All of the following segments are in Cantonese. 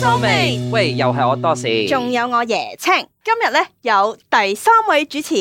蘇美喂，又係我多士，仲有我椰青，今日咧有第三位主持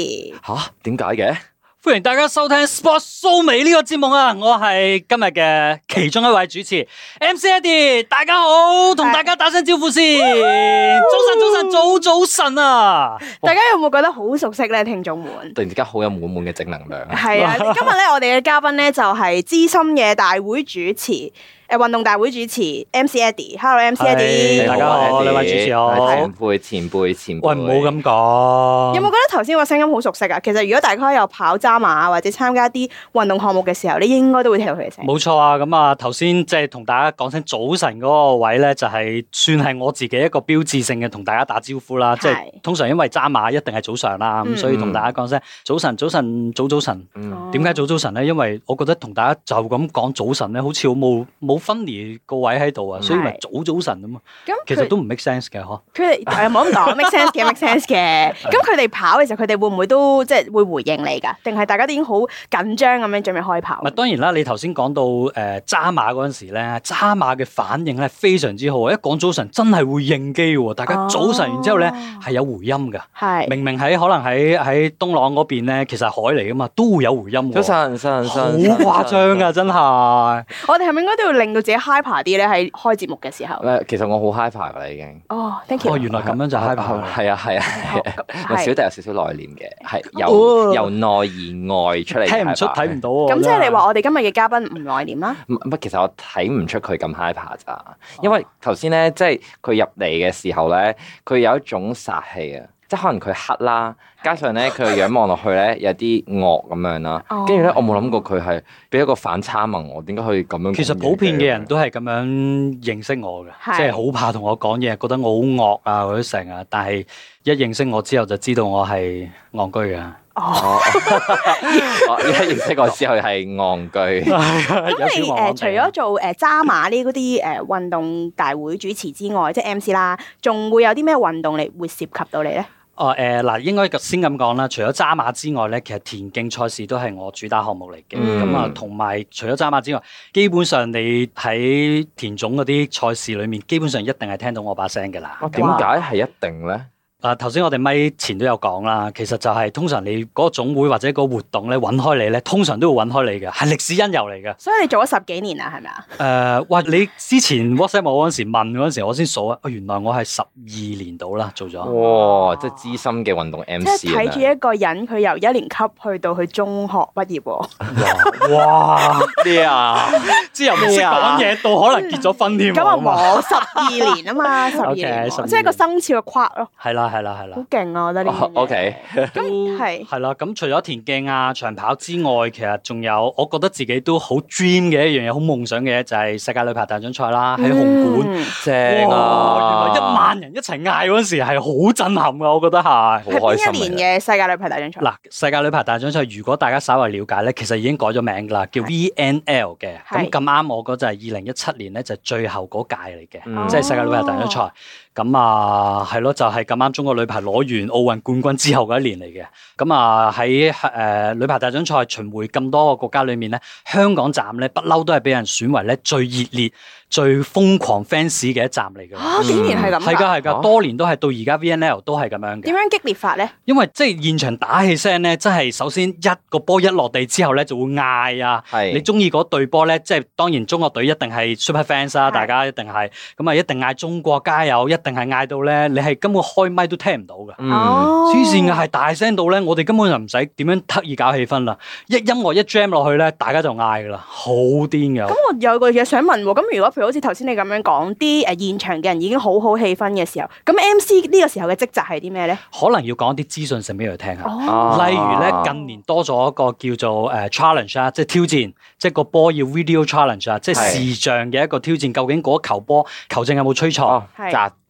吓，點解嘅？歡迎大家收聽《Sports 蘇美》呢個節目啊！我係今日嘅其中一位主持 MC Eddie，大家好，同大家打聲招呼先對。早晨，早晨，早早晨啊！大家有冇覺得好熟悉咧？聽眾們哇突然之間好有滿滿嘅正能量啊！係啊，今日咧我哋嘅嘉賓咧就係、是、資深嘅大會主持。誒，運動大會主持 M C Eddie，Hello M C Eddie，, Hello, MC Eddie hey, 大家好，兩 Eddie, 位主持好，前輩前輩前輩，喂唔好咁講，有冇覺得頭先個聲音好熟悉啊？其實如果大家有跑渣馬或者參加一啲運動項目嘅時候，你應該都會聽到佢嘅聲。冇錯啊，咁啊頭先即係同大家講聲早晨嗰個位咧，就係算係我自己一個標誌性嘅同大家打招呼啦。即係是通常因為渣馬一定係早上啦，咁、嗯、所以同大家講聲、嗯、早晨，早晨，早早晨。點解早早晨咧？因為我覺得同大家就咁講早晨咧，好似好冇冇。分離個位喺度啊，所以咪早早晨啊嘛，其實都唔 make sense 嘅呵。佢哋又冇咁講，make sense 嘅 make sense 嘅。咁佢哋跑嘅時候，佢哋會唔會都即係會回應你㗎？定係大家都已經好緊張咁樣準備開跑？唔係，當然啦，你頭先講到誒渣馬嗰陣時咧，渣馬嘅反應咧，非常之好。一講早晨，真係會應機喎。大家早晨完之後咧係有回音㗎。係明明喺可能喺喺東廊嗰邊咧，其實海嚟㗎嘛，都會有回音。早晨，早晨，好誇張㗎，真係。我哋係咪應該都要令到自己 hyper 啲咧，喺開節目嘅時候。誒，其實我好 hyper 噶啦，已經。哦、oh，thank you。哦，原來咁樣就 hyper 啦。係、哦、啊，係啊，唔少、啊，有少少內斂嘅，係由、oh, 由內而外出嚟。睇唔出，睇唔到。咁即係你話我哋今日嘅嘉賓唔內斂啦？唔哇，其實我睇唔出佢咁 hyper 咋，因為頭先咧，即係佢入嚟嘅時候咧，佢有一種殺氣啊。即係可能佢黑啦，加上咧佢個樣望落去咧有啲惡咁樣啦，跟住咧我冇諗過佢係俾一個反差問我，點解可以咁樣？其實普遍嘅人都係咁樣認識我嘅，即係好怕同我講嘢，覺得我好惡啊，或者成啊。但係一認識我之後就知道我係憨居啊！哦，一認識我之後係憨居。咁你誒除咗做誒渣馬呢啲誒運動大會主持之外，即係 MC 啦，仲會有啲咩運動嚟會涉及到你咧？哦，誒、呃、嗱，應該先咁講啦。除咗揸馬之外咧，其實田徑賽事都係我主打項目嚟嘅。咁啊、嗯，同埋除咗揸馬之外，基本上你喺田總嗰啲賽事裏面，基本上一定係聽到我把聲㗎喇。哇、啊，點解係一定咧？啊！頭先我哋咪前都有講啦，其實就係通常你嗰個總會或者個活動咧搵開你咧，通常都會搵開你嘅，係歷史因由嚟嘅。所以你做咗十幾年啦，係咪啊？誒、呃，哇！你之前 WhatsApp 我嗰時問嗰時，我先數啊，原來我係十二年到啦，做咗。哇！即係資深嘅運動 MC，睇住一個人，佢嗎由一年級去到佢中學畢業，啊哇。哇！啲啊！之後未識講嘢，到可能結咗婚添，咁啊，磨十二年啊嘛，十二年，即係一個生肖嘅框咯。係啦，係啦，係啦。好勁啊！我覺得呢樣嘢。O K，咁係係啦。咁除咗田徑啊、長跑之外，其實仲有我覺得自己都好 dream 嘅一樣嘢，好夢想嘅就係世界女排大獎賽啦，喺紅館，正啊！原來一萬人一齊嗌嗰陣時係好震撼嘅，我覺得係。好開心。邊一年嘅世界女排大獎賽？嗱，世界女排大獎賽，如果大家稍為了解咧，其實已經改咗名㗎啦，叫 V N L 嘅。咁咁。啱我嗰就係二零一七年咧，就最後嗰屆嚟嘅，嗯、即係世界女排大獎賽。啊。咁啊，係咯，就係咁啱中國女排攞完奧運冠軍之後嘅一年嚟嘅。咁啊，喺誒、呃、女排大獎賽巡迴咁多個國家裏面咧，香港站咧不嬲都係俾人選為咧最熱烈、最瘋狂 fans 嘅一站嚟嘅。嚇、啊，竟然係咁、啊，係㗎、嗯，係㗎，多年都係到而家 VNL 都係咁樣嘅。點、啊、樣激烈法咧？因為即係現場打氣聲咧，即係首先一個波一落地之後咧，就會嗌啊。係是。你中意嗰隊波咧？即係當然中國隊一定係 super fans 啦、啊，是大家一定係咁啊，一定嗌中國加油一！定係嗌到咧，你係根本開咪都聽唔到嘅、嗯。黐線嘅係大聲到咧，我哋根本就唔使點樣特意搞氣氛啦。一音樂一 jam 落去咧，大家就嗌噶啦，好癲嘅。咁、嗯、我有個嘢想問喎。咁如果譬如好似頭先你咁樣講啲誒現場嘅人已經好好氣氛嘅時候，咁 MC 呢個時候嘅職責係啲咩咧？可能要講啲資訊性俾佢聽啊。哦、例如咧近年多咗一個叫做誒、uh, challenge 啊，即係挑戰，即係個波要 video challenge 啊的，即係視像嘅一個挑戰。究竟嗰球波球證有冇吹錯？哦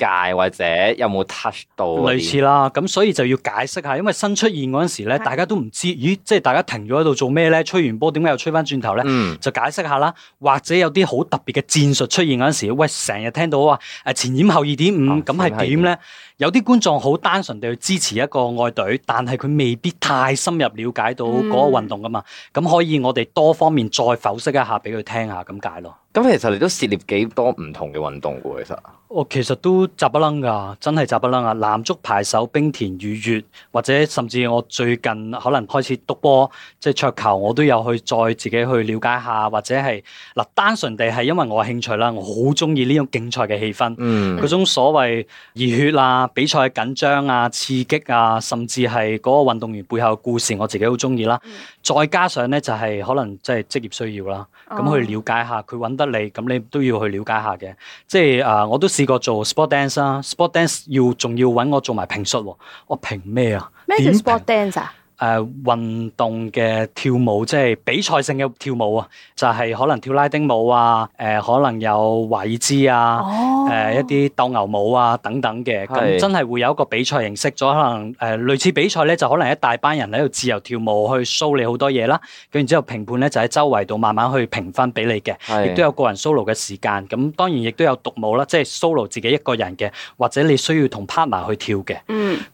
界或者有冇 touch 到類似啦，咁所以就要解釋下，因為新出現嗰陣時咧，的大家都唔知，咦，即係大家停咗喺度做咩咧？吹完波點解又吹返轉頭咧？嗯、就解釋下啦，或者有啲好特別嘅戰術出現嗰陣時，喂，成日聽到話誒前掩後二點五，咁係點咧？2. 有啲觀眾好單純地去支持一個愛隊，但係佢未必太深入了解到嗰個運動㗎嘛，咁、嗯、可以我哋多方面再剖析一下俾佢聽下咁解咯。咁其實你都涉獵幾多唔同嘅運動嘅喎、啊，其實我其實都雜不楞㗎，真係雜不楞啊！籃足排手、冰田雨月，或者甚至我最近可能開始篤波，即、就、係、是、桌球，我都有去再自己去了解下，或者係嗱，單純地係因為我嘅興趣啦，我好中意呢種競賽嘅氣氛，嗰種、嗯、所謂熱血啊、比賽緊張啊、刺激啊，甚至係嗰個運動員背後嘅故事，我自己好中意啦。嗯、再加上咧就係、是、可能即係職業需要啦，咁去了解下佢揾得。咁你都要去了解下嘅，即係啊、呃，我都試過做 sport dance 啦、啊，sport dance 要仲要揾我做埋評述喎，我評咩啊？咩叫評 sport dance 啊？誒運動嘅跳舞，即係比賽性嘅跳舞啊，就係可能跳拉丁舞啊，誒可能有華爾滋啊，誒一啲鬥牛舞啊等等嘅，咁真係會有一個比賽形式咗。可能誒類似比賽咧，就可能一大班人喺度自由跳舞去 show 你好多嘢啦。咁然之後評判咧就喺周圍度慢慢去評分俾你嘅，亦都有個人 solo 嘅時間。咁當然亦都有獨舞啦，即係 solo 自己一個人嘅，或者你需要同 partner 去跳嘅。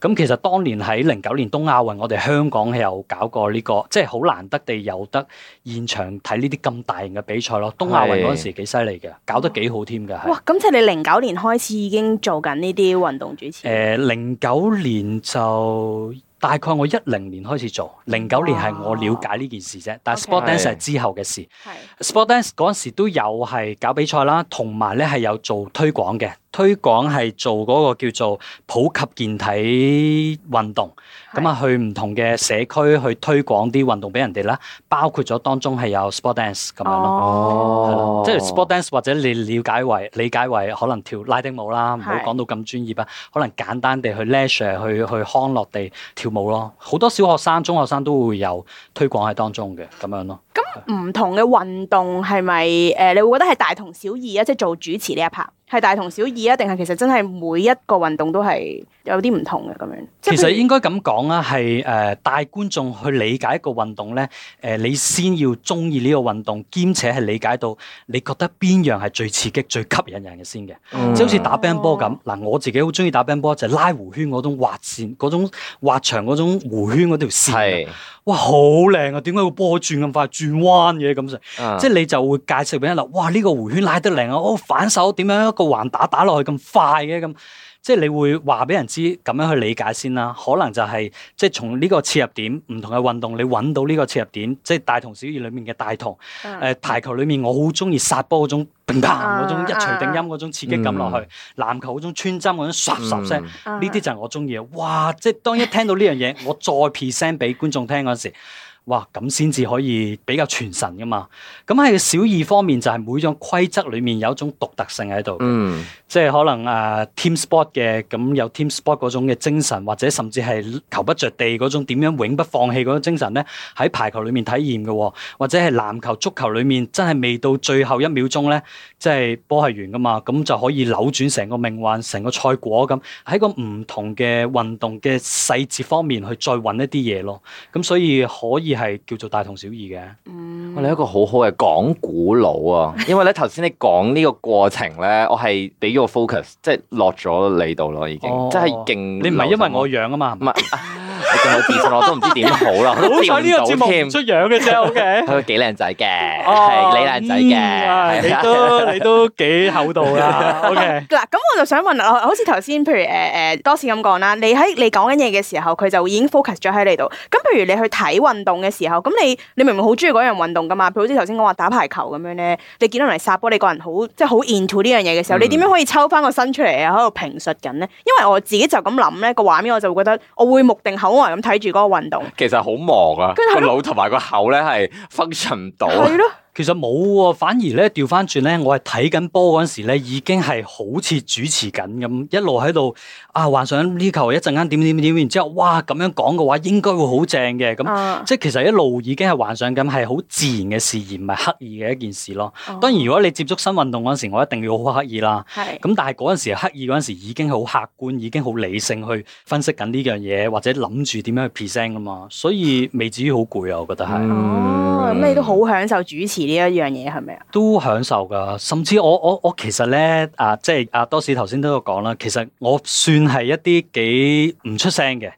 咁其實當年喺零九年東亞運，我哋香講起有搞過呢、呢個，即係好難得地有得現場睇呢啲咁大型嘅比賽咯。東亞運嗰陣時幾犀利嘅，搞得幾好添㗎。哇！咁、嗯、即係你零九年開始已經做緊呢啲運動主持。誒、呃，零九年就大概我一零年開始做，零九年係我了解呢件事啫。啊、但係、okay. Sport Dance 係之後嘅事。是 Sport Dance 嗰陣時都有係搞比賽啦，同埋咧係有做推廣嘅。推廣係做嗰個叫做普及健體運動，咁啊是去唔同嘅社區去推廣啲運動俾人哋啦，包括咗當中係有 sport dance 咁樣咯，即係 sport dance 或者你了解為理解為可能跳拉丁舞啦，唔好講到咁專業啊，可能簡單地去 leisure 去去康樂地跳舞咯，好多小學生、中學生都會有推廣喺當中嘅咁樣咯。咁唔、哦、的同嘅運動係咪誒？你會覺得係大同小異啊？即、就、係、是、做主持呢一 part？係大同小異啊，定係其實真係每一個運動都係有啲唔同嘅咁樣。其實應該咁講啦，係誒、呃、帶觀眾去理解一個運動咧，誒、呃、你先要中意呢個運動，兼且係理解到你覺得邊樣係最刺激、最吸引人嘅先嘅。即係好似打乒乓波咁嗱，我自己好中意打乒乓波，就係拉弧圈嗰種畫線、嗰種畫長嗰種弧圈嗰條線。係是哇，好靚啊！點解個波轉咁快轉彎嘅咁？即係、嗯、你就會介紹俾人啦。哇！呢、呢個弧圈拉得靚啊！哦，反手點樣一個？橫打打落去咁快嘅咁，即係你會話俾人知咁樣去理解先啦。可能就係、是、即係從呢個切入點，唔同嘅運動你揾到呢個切入點，即係大同小異裏面嘅大同。誒、嗯、呃、台球裏面我好中意殺波嗰種，砰嗰種、啊、一錘定音嗰種刺激感落去，籃、嗯、球嗰種穿針嗰種唰唰聲，呢啲、嗯、就係我中意啊！哇，即係當一聽到呢樣嘢， 我再 present 俾觀眾聽嗰時。哇，咁先至可以比較全神噶嘛？咁喺個小二方面就係、是、每種規則裏面有一種獨特性喺度，嗯，mm. 即係可能誒、uh, team sport 嘅，咁有 team sport 嗰種嘅精神，或者甚至係球不着地嗰種點樣永不放棄嗰種精神咧，喺排球裏面體驗嘅、哦，或者係籃球、足球裏面真係未到最後一秒鐘咧，即係波係完噶嘛，咁就可以扭轉成個命運成個賽果咁，喺個唔同嘅運動嘅細節方面去再揾一啲嘢咯。咁所以可以。係叫做大同小異嘅。我哋一個好好嘅講古佬啊，因為咧頭先你講呢個過程咧，我係俾個 focus，即係落咗你度咯，已經，即係勁。你唔係因為我樣啊嘛。唔係，我仲有自信，我都唔知點好啦。好彩呢個節目唔出樣嘅啫，OK。佢幾靚仔嘅，係，你靚仔嘅，你都你都幾厚道啦。OK。嗱，咁我就想問，好似頭先譬如誒誒多士咁講啦，你喺你講緊嘢嘅時候，佢就已經 focus 咗喺你度。咁譬如你去睇運動嘅時候，咁你你明明好中意嗰樣運動噶嘛？譬如好似頭先講話打排球咁樣咧，你見到人嚟殺波，你個人好即係好 into 呢樣嘢嘅時候，你點樣可以抽翻個身出嚟啊？喺度評述緊咧，因為我自己就咁諗咧個畫面，我就會覺得我會目定口呆咁睇住嗰個運動，其實好忙啊，個腦同埋個口咧係 function 唔到。 其實冇喎、啊，反而咧調翻轉咧，我係睇緊波嗰陣時咧，已經係好似主持緊咁，一路喺度啊幻想呢球一陣間點點點，然之後哇咁樣講嘅話應該會好正嘅，咁、啊、即係其實一路已經係幻想緊係好自然嘅事，而唔係刻意嘅一件事咯。啊、當然如果你接觸新運動嗰陣時，我一定要好刻意啦。咁是但係嗰陣時刻意嗰陣時已經係好客觀，已經好理性去分析緊呢樣嘢，或者諗住點樣去 present 噶嘛，所以未至於好攰啊，我覺得係、嗯。哦、嗯，咁你都好享受主持嗯嗯呢一樣嘢係咪啊？都享受噶，甚至我我我其實咧啊，即係阿、啊、多士頭先都有講啦。其實我算係一啲幾唔出聲嘅，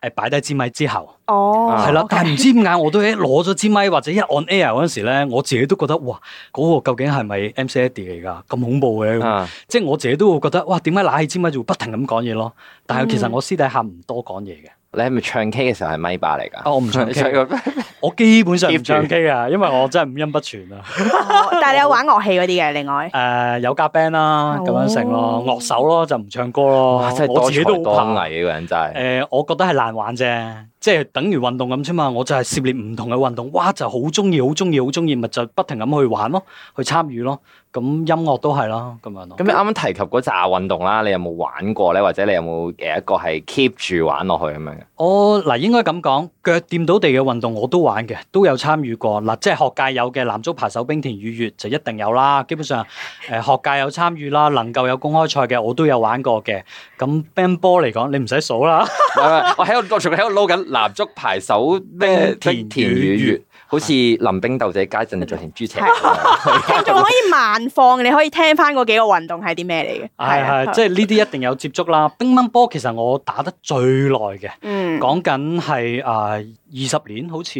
係擺低支咪之後，oh, 啊、哦，係啦。但係唔知點解我都攞咗支咪，或者一按 air 嗰陣時咧，我自己都覺得哇，嗰、那個究竟係咪 MC Eddie 嚟㗎？咁恐怖嘅，uh, 即係我自己都會覺得哇，點解拿起支咪就不停咁講嘢咯？但係其實我私底下唔多講嘢嘅。你係咪唱 K 嘅時候係麥霸嚟㗎？哦，我唔唱 K， 我基本上唔唱 K 啊，因為我真係五音不全啊、 哦。但係你有玩樂器嗰啲嘅？另外誒、 呃、有夾 band 啦，咁、oh. 樣成咯，樂手咯、啊，就唔唱歌咯、啊。哦、我自己都多才多藝嘅、啊這個、人真係。誒、呃，我覺得係難玩啫，即、就、係、是、等於運動咁啫嘛。我就係涉獵唔同嘅運動，哇，就好中意，好中意，好中意，咪就不停咁去玩咯，去參與咯。咁音樂都係咯，咁樣。咁你啱啱提及嗰紮運動啦，你有冇玩過咧？或者你有冇誒一個係 keep 住玩落去咁樣？哦，嗱，oh, 應該咁講，腳掂到地嘅運動我都玩嘅，都有參與過。嗱，即係學界有嘅，籃足排手、乒田羽泳就一定有啦。基本上誒學界有參與啦，能夠有公開賽嘅，我都有玩過嘅。咁 band 波嚟講，你唔使數啦。我喺度，我仲喺度撈緊籃足排手咩？乒田羽泳。好似臨兵鬥者皆陣，做行豬扯，係仲可以慢放，你可以聽翻嗰幾個運動係啲咩嚟嘅。係係， 即係呢啲一定有接觸啦。乒乓波，其實我打得最耐嘅，嗯，講緊係誒。二十年好似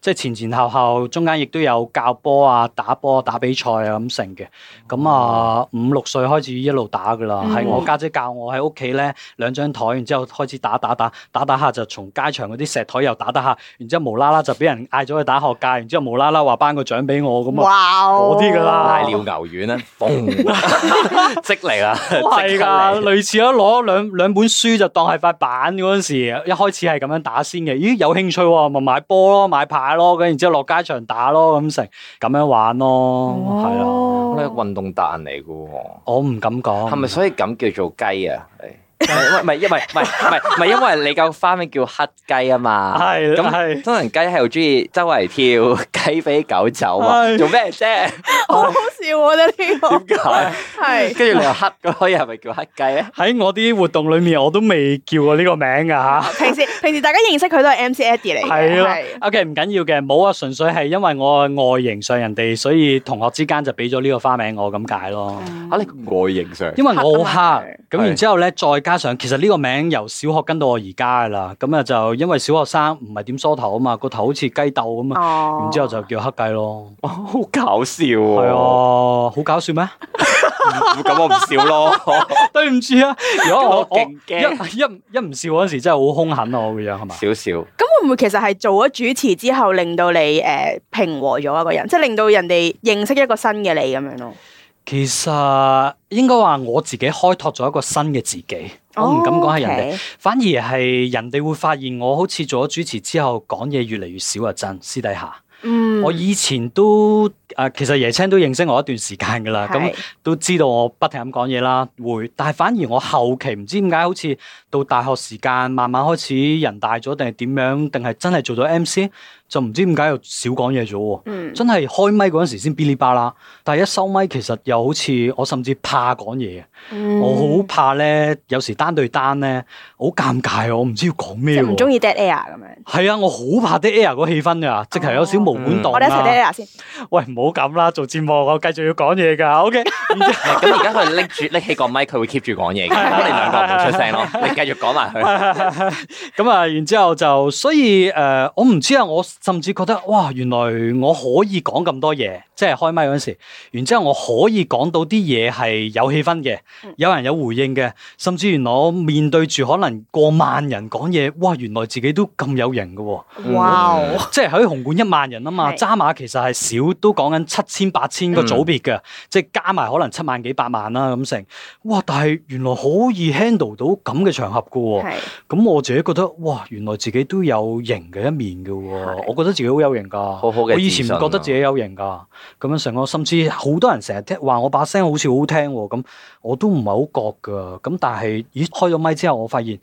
即係前前後後，中間亦都有教波啊、打波、打比賽啊咁成嘅。咁啊，五六歲開始一路打噶啦，係我家姐教我喺屋企咧，兩張台，然之後開始打打打打打下就從街場嗰啲石台又打打下，然之後無啦啦就俾人嗌咗去打學界，然之後無啦啦話頒個獎俾我咁啊，嗰啲噶啦，瀨尿牛丸咧，乒乓嚟啦，係啊，類似啊攞兩兩本書就當係塊板嗰陣時，一開始係咁樣打先嘅。咦，有興趣咪買波咯，買牌咯，咁然之後落街場打咯，咁成咁樣玩咯，係啦，哦，呢係運動達人嚟嘅喎。我唔敢講。係咪所以咁叫做雞啊？哎唔係唔係唔係唔係，因為你個花名叫黑雞啊嘛，咁真人雞係好中意周圍跳雞飛狗走啊，做咩啫？好好笑啊！真係點解？係跟住你又黑，所以係咪叫黑雞咧？喺我啲活動裡面，我都未叫過呢個名㗎嚇。平時平時大家認識佢都係 MC Eddie 嚟嘅。係啦。OK，唔緊要嘅，冇啊，純粹係因為我外形上人哋，所以同學之間就俾咗呢個花名我咁解咯。嚇你外形上，因為我好黑，咁然之後咧，再加。加上，其實呢個名由小學跟到我而家噶啦，咁啊就因為小學生唔係點梳頭啊嘛，個頭好似雞竇咁啊，然之後就叫黑雞咯。哦，好搞笑喎！係啊，好搞笑咩？咁我唔笑咯。對唔住啊！我我一一一唔笑嗰陣時，真係好兇狠哦，咁樣係嘛？少少。咁會唔會其實係做咗主持之後，令到你誒平和咗一個人，即係令到人哋認識一個新嘅你咁樣咯？其實應該話我自己開拓咗一個新嘅自己。我唔敢講係人哋，Okay. 反而係人哋會發現我好似做咗主持之後，講嘢越嚟越少啊！真私底下，嗯、我以前都。啊，其實椰青都認識我一段時間㗎啦，咁是、嗯、都知道我不停咁講嘢啦，會，但係反而我後期唔知點解，好似到大學時間慢慢開始人大咗，定係點樣，定係真係做咗 MC，就唔知點解又少講嘢咗。嗯，真係開麥嗰陣時先噼里啪啦，但係一收麥其實又好似我甚至怕講嘢，嗯、我好怕咧，有時單對單咧好尷尬，我唔知要講咩，唔中意 dead air 咁樣。係啊，我好怕 dead air 個氣氛啊，直頭有少毛管戙、啊嗯。我哋一齊 dead air 先。喂。唔好咁啦，做節目我繼續要講嘢㗎，OK。咁而家佢拎住拎起個麥，佢會 keep 住講嘢嘅。我哋兩、okay? 嗯、個唔出聲咯，你繼續講埋佢。咁啊，然之後就，所以誒、呃，我唔知啊，我甚至覺得，哇，原來我可以講咁多嘢，即係開麥嗰時。Todo、enemies, 然之後我可以講到啲嘢係有氣氛嘅，Ellis、有人有回應嘅，甚至原來我面對住可能過萬人講嘢，哇，原來自己都咁有型嘅。哇、wow.，即係喺紅館一萬人啊嘛、hm，渣馬其實係少都講。七千八千個組別嘅，嗯、即係加埋可能七萬幾百萬啦咁成，哇！但係原來好易 handle 到咁嘅場合嘅，咁是我自己覺得，哇！原來自己都有型嘅一面嘅，是我覺得自己好有型噶，好好啊、我以前覺得自己有型噶，咁樣成個，甚至好多人成日聽話我把聲好似好聽，咁我都唔係好覺噶，咁但係咦開咗麥之後我發現。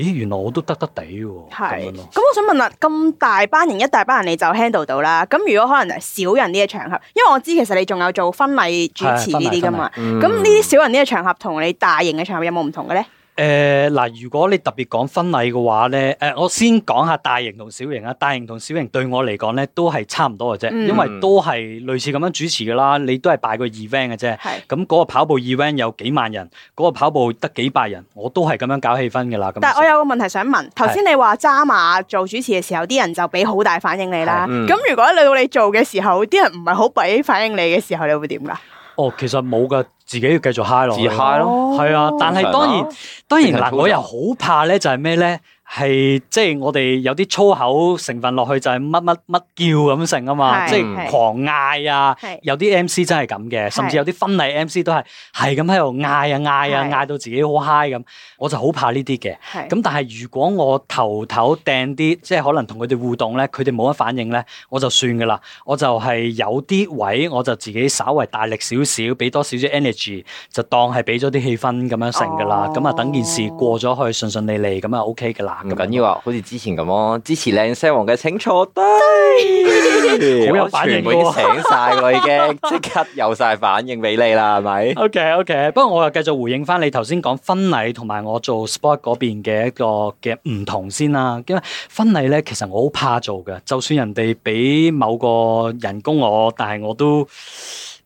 咦，原來我都得得地喎，咁樣咯是。咁我想問啦，咁大班人，一大班人，你就 handle 到啦。咁如果可能就係少人呢個場合，因為我知其實你仲有做婚禮主持呢啲噶嘛。咁呢啲少人呢個場合，同你大型嘅場合有冇唔同嘅咧？誒，嗱、呃，如果你特別講婚禮嘅話咧，誒、呃，我先講下大型同小型啊。大型同小型對我嚟講咧都係差唔多嘅啫，嗯、因為都係類似咁樣主持噶啦，你都係擺個 event 嘅啫。係是，咁嗰個跑步 event 有幾萬人，嗰、那個跑步得幾百人，我都係咁樣搞氣氛噶啦。但係我有個問題想問，頭先是你話渣馬做主持嘅時候，啲人就俾好大反應你啦。咁、嗯、如果到你做嘅時候，啲人唔係好俾反應你嘅時候，你會點噶？哦，其實冇㗎，自己要繼續嗨囉。自嗨囉，係、哦、啊，但係當然、啊、當然嗱，然我又好怕咧，就係咩呢？係即係我哋有啲粗口成分落去就係乜乜乜叫咁成啊嘛，即係是狂嗌啊，是有啲 MC 真係咁嘅，甚至有啲婚禮 MC 都係係咁喺度嗌啊嗌啊，嗌、啊、是到自己好嗨 i 咁，我就好怕呢啲嘅。咁是但係如果我頭頭掟啲，即、就、係、是、可能同佢哋互動咧，佢哋冇乜反應咧，我就算噶啦，我就係有啲位我就自己稍為大力少少，俾多少少 energy，就當係俾咗啲氣氛咁樣成噶啦，咁啊、哦、等件事過咗去順順利利咁啊 OK 噶啦。唔緊要啊，好似之前咁咯。支持靚聲王嘅請坐低，好 有反應噶喎。 醒晒，我已經即刻有晒反應俾你啦，係咪？OK，OK。Okay, okay, 不過我又繼續回應翻你頭先講婚禮同埋我做 sport 嗰邊嘅一個嘅唔同先啦。因為，婚禮咧其實我好怕做嘅，就算人哋俾某個人工我，但係我都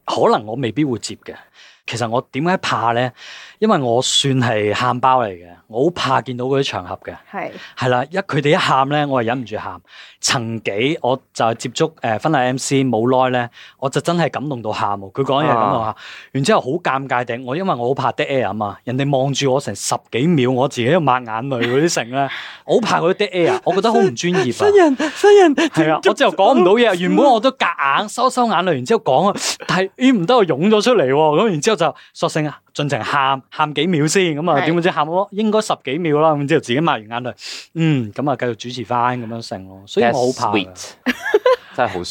可能我未必會接嘅。其實我點解怕咧？因為我算係喊包嚟嘅，我好怕見到嗰啲場合嘅。係係啦，一佢哋一喊咧，我係忍唔住喊。曾幾，我就係接觸誒婚禮 MC，冇耐咧，我就真係感動到喊。佢講嘢感動下，然之後好尷尬定。我因為我好怕 dead air 啊嘛，人哋望住我成十幾秒，我自己都抹眼淚嗰啲成咧，好怕嗰啲 dead air。我覺得好唔專業。新人新人係啊，我之後講唔到嘢，原本我都夾硬收收眼淚，然之後講啊，但係咦唔得我湧咗出嚟喎，咁然之後就索性啊。盡情喊喊幾秒先，咁啊點知喊咗應該十幾秒啦，咁之後自己抹完眼淚，嗯，咁啊繼續主持返咁樣成咯，所以我好怕。That 's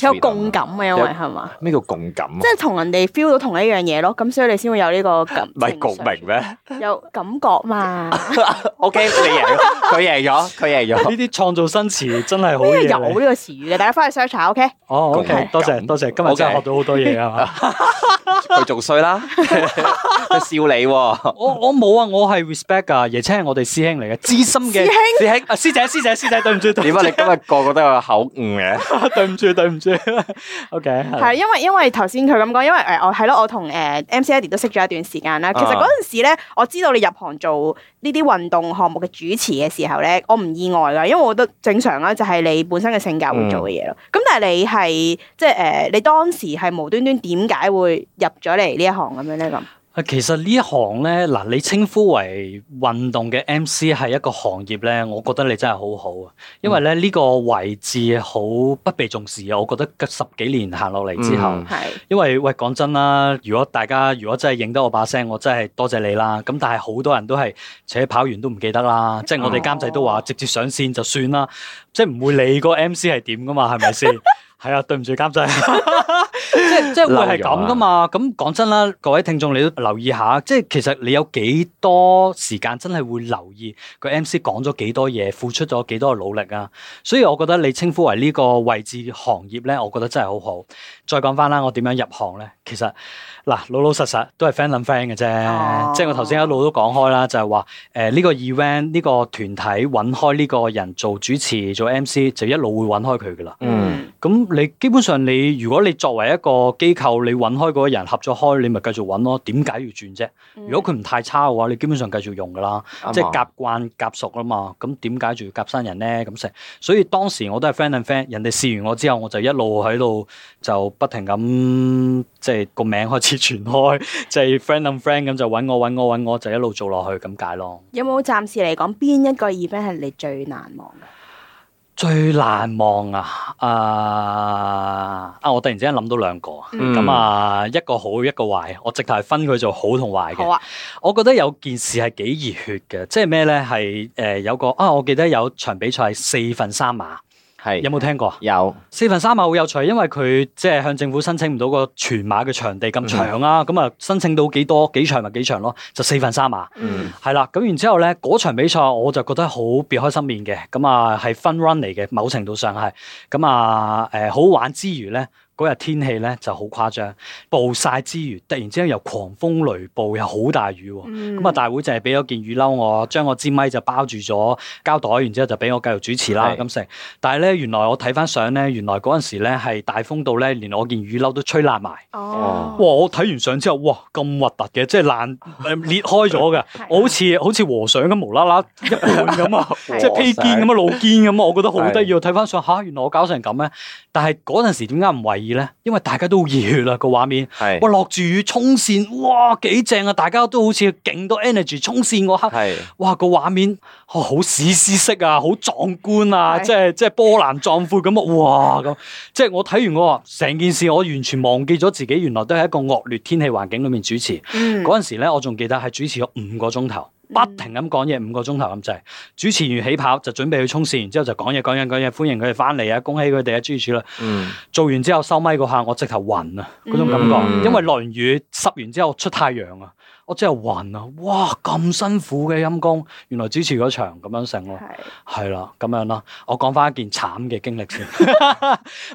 有共感啊，因為係嘛？咩叫共感？即係同人哋 feel 到同一樣嘢咯，咁所以你先會有呢個感。唔係共鳴咩？有感覺嘛？OK，你贏，佢贏咗，佢贏咗。呢啲創造新詞真係好有呢個詞語嘅，大家翻去 search 下。OK。哦，OK，多謝多謝，今日真係學咗好多嘢啊！佢仲衰啦，笑你。我我冇啊，我係 respect 噶。椰青係我哋師兄嚟嘅，資深嘅師兄師兄啊，師姐師姐師姐，對唔住。點解你今日個個都有口誤嘅？對唔住。對唔住 ，OK，係 right.，因為因為頭先佢咁講，因為誒，我係咯，我同誒 MC Eddie 都識咗一段時間啦。其實嗰陣時咧，我知道你入行做呢啲運動項目嘅主持嘅時候咧，我唔意外噶，因為我覺得正常啦，就係你本身嘅性格會做嘅嘢咯。咁、嗯、但係你係即係誒，就是、你當時係無端端點解會入咗嚟呢一行咁樣咧咁？其實呢一行呢，嗱，你稱呼為運動嘅 MC 係一個行業呢，我覺得你真係好好啊，因為咧呢個位置好不被重視啊，我覺得十幾年行落嚟之後，嗯、因為喂講真啦，如果大家如果真係認得我把聲，我真係多謝你啦。咁但係好多人都係且跑完都唔記得啦，即係我哋監製都話直接上線就算啦，哦、即係唔會理個 MC 係點㗎嘛，係咪先？ 係啊，對唔住監製，即係即係會係咁噶嘛。咁講了真啦，各位聽眾你都留意下，即係其實你有幾多時間真係會留意個 MC 講咗幾多嘢，付出咗幾多嘅努力啊？所以我覺得你稱呼為呢個位置行業咧，我覺得真係好好。再講翻啦，我點樣入行咧？其實嗱，老老實實都係 friend 諗 friend 嘅啫。啊、即係我頭先一路都講開啦，就係話誒呢個 event 呢個團體揾開呢個人做主持做 MC，就一路會揾開佢噶啦。嗯，咁。你基本上，你如果你作為一個機構，你揾開嗰個人合作開，你咪繼續揾咯。點解要轉啫？嗯、如果佢唔太差嘅話，你基本上繼續用噶啦，嗯、即係夾慣夾熟啦嘛。咁點解仲要夾新人咧？咁成，所以當時我都係 friend and friend，人哋試完我之後，我就一路喺度就不停咁，即係個名開始傳開，就係、是、friend and friend 咁就揾我揾我揾我，就一路做落去咁解咯。有冇暫時嚟講邊一個 event 係你最難忘嘅？最難忘啊！啊啊！我突然之間諗到兩個，咁啊、嗯，一個好，一個壞，我直頭係分佢做好同壞嘅。好啊、我覺得有件事係幾熱血嘅，即係咩咧？係誒、呃，有個啊，我記得有場比賽係四分三碼。係是有冇聽過？有四分三碼好有趣，因為佢即係向政府申請唔到個全馬嘅場地咁長啊，咁啊、嗯、申請到幾多幾長咪幾長咯，就四分三碼。嗯，係啦，咁然之後咧，嗰場比賽我就覺得好別開生面嘅，咁啊係 fun run 嚟嘅，某程度上係，咁啊誒、呃、好玩之餘咧。嗰日天氣咧就好誇張，暴曬之餘，突然之間又狂風雷暴，又好大雨。咁啊、嗯，大會就係俾咗件雨褸我，將我支咪就包住咗膠袋，然之後就俾我繼續主持啦咁食，是但係咧，原來我睇翻相咧，原來嗰陣時咧係大風到咧，連我件雨褸都吹爛埋。哦、哇！我睇完相之後，哇，咁核突嘅，即係爛、呃、裂開咗嘅， 啊、我好似好似和尚咁無啦啦一半咁啊，即係 披肩咁啊露肩咁啊， 我覺得好得意，睇翻相吓，原來我搞成咁咧。的但係嗰陣時點解唔為意？因為大家都熱血啦個畫面，是哇，落住雨衝線，哇，幾正啊！大家都好似勁多 energy 衝線嗰刻是，哇，個畫面，好史詩式啊，好壯觀啊，是即係即係波瀾壯闊咁啊！哇，咁，即係我睇完我話，成件事我完全忘記咗自己原來都係一個惡劣天氣環境裏面主持，嗰陣、嗯、時咧我仲記得係主持咗五個鐘頭。不停咁講嘢五個鐘頭咁滯，主持完起跑就準備去衝線，然之後就講嘢講嘢講嘢，歡迎佢哋翻嚟啊，恭喜佢哋啊，主持啦！嗯、做完之後收咪嗰下，我直頭暈啊，嗰種感覺，嗯、因為落完雨濕完之後出太陽啊，我真係暈啊！哇，咁辛苦嘅陰功，原來主持嗰場咁樣成咯，係啦是，咁樣啦，我講翻一件慘嘅經歷先，唔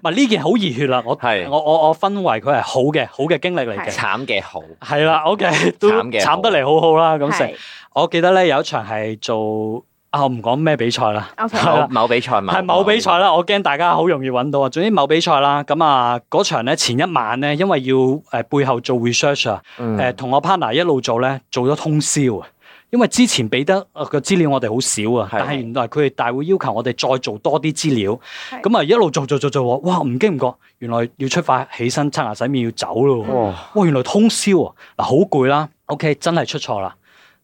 係呢 件好熱血啦，我是我我我分為佢係好嘅好嘅經歷嚟嘅，慘嘅好係啦，OK 都慘得嚟好好啦，咁成。 我記得咧有一場係做啊，我唔講咩比賽啦 Okay.，某比賽嘛，係某，某比賽啦。賽我驚大家好容易揾到啊。嗯、總之某比賽啦，咁啊嗰場咧前一晚咧，因為要誒背後做 research 啊、嗯，誒同我 partner 一路做咧，做咗通宵啊。因為之前俾得個資料我哋好少啊，是但係原來佢哋大會要求我哋再做多啲資料，咁啊是一路做做做做，哇！唔經唔覺，原來要出發起身刷牙洗面要走咯。哇！原來通宵啊，嗱好攰啦。OK，真係出錯啦。真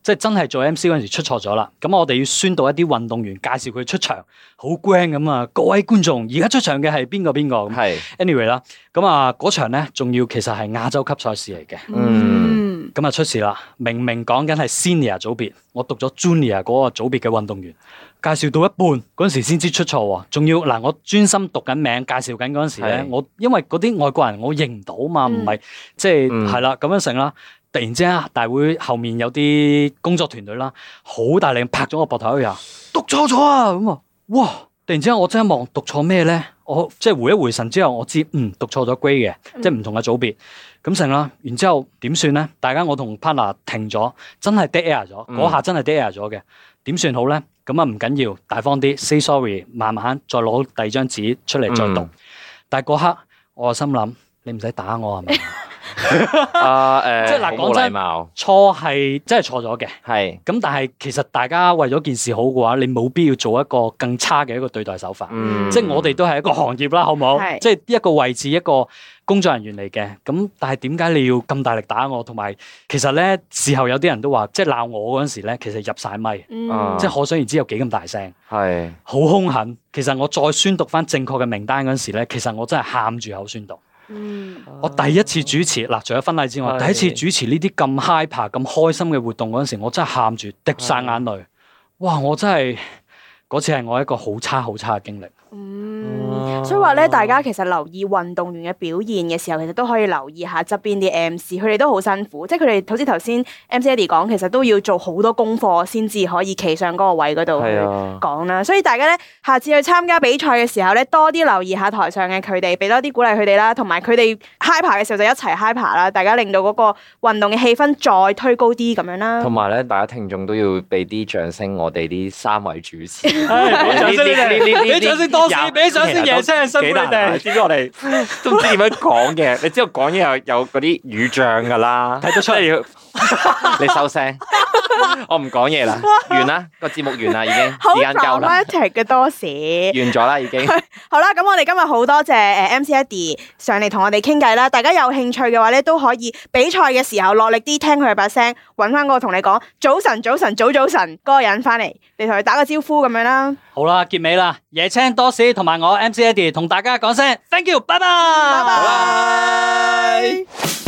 即係真係做 MC 嗰陣時出錯咗啦，咁我哋要宣導一啲運動員介紹佢出場，好 grand 咁啊！各位觀眾，而家出場嘅係邊個邊個咁？係是 anyway 啦，咁啊嗰場咧仲要其實係亞洲級賽事嚟嘅，咁啊、嗯嗯、出事啦！明明講緊係 senior 組別，我讀咗 junior 嗰個組別嘅運動員介紹到一半嗰陣時先知出錯喎，仲要嗱、呃、我專心讀緊名介紹緊嗰陣時咧，是我因為嗰啲外國人我認唔到嘛，唔係、嗯、即係係啦咁樣成啦。突然之間，大會後面有啲工作團隊啦，好大力拍咗我膊頭去啊，讀錯咗啊！咁啊，哇！突然之間我真係望讀錯咩咧？我即係回一回神之後，我知嗯讀錯咗 grade 嘅，即係唔同嘅組別咁、嗯、成啦。然之後點算咧？大家我同 partner 停咗，真係 dead air 咗，嗰、嗯、下真係 dead air 咗嘅。點算好咧？咁啊唔緊要，大方啲，say sorry，慢慢再攞第二張紙出嚟再讀。嗯、但係嗰刻我心諗，你唔使打我係咪？ 啊 誒說，即係嗱，講真，毫無禮貌，錯係真係錯咗嘅，係咁是。但係其實大家為咗件事好嘅話，你冇必要做一個更差嘅一個對待手法。嗯、即係我哋都係一個行業啦，好唔好？是即係一個位置，一個工作人員嚟嘅。咁但係點解你要咁大力打我？同埋其實咧，事後有啲人都話，即係鬧我嗰陣時咧，其實入晒咪，嗯嗯、即係可想而知有幾咁大聲，係好是兇狠。其實我再宣讀翻正確嘅名單嗰陣時咧，其實我真係喊住口宣讀。嗯，我第一次主持嗱，除咗婚禮之外，是第一次主持呢啲咁 hyper 咁開心嘅活動嗰陣時，我真係喊住滴晒眼淚，是哇！我真係嗰次係我一個好差好差嘅經歷。嗯，嗯，所以話咧，大家其實留意運動員嘅表現嘅時候，其實都可以留意下側邊啲 MC，佢哋都好辛苦，即係佢哋好似頭先 MC Eddie 講，其實都要做好多功課先至可以企上嗰個位嗰度講啦。嗯，所以大家咧，下次去參加比賽嘅時候咧，多啲留意下台上嘅佢哋，俾多啲鼓勵佢哋啦，同埋佢哋 high 爬嘅時候就一齊 high 爬啦，大家令到嗰個運動嘅氣氛再推高啲咁樣啦。同埋咧，大家聽眾都要俾啲掌聲，我哋啲三位主持， 掌聲，掌聲多。比上先野生人生嘅，點解我哋 都唔知點樣講嘅？你知道講嘢有有嗰啲語障㗎啦，睇得出。你收聲，我唔講嘢啦，完啦，個節目完啦，已經時間夠啦。好，last 嘅多士，完咗啦，已經。好啦，咁我哋今日好多謝誒，MC Eddie 上嚟同我哋傾偈啦。大家有興趣嘅話咧，都可以比賽嘅時候落力啲聽佢把聲，搵翻嗰個同你講早晨早晨早早晨嗰個人翻嚟，你同佢打個招呼咁樣啦。好啦，結尾啦，椰青多士同埋我 MC Eddie 同大家講聲 thank you，拜拜。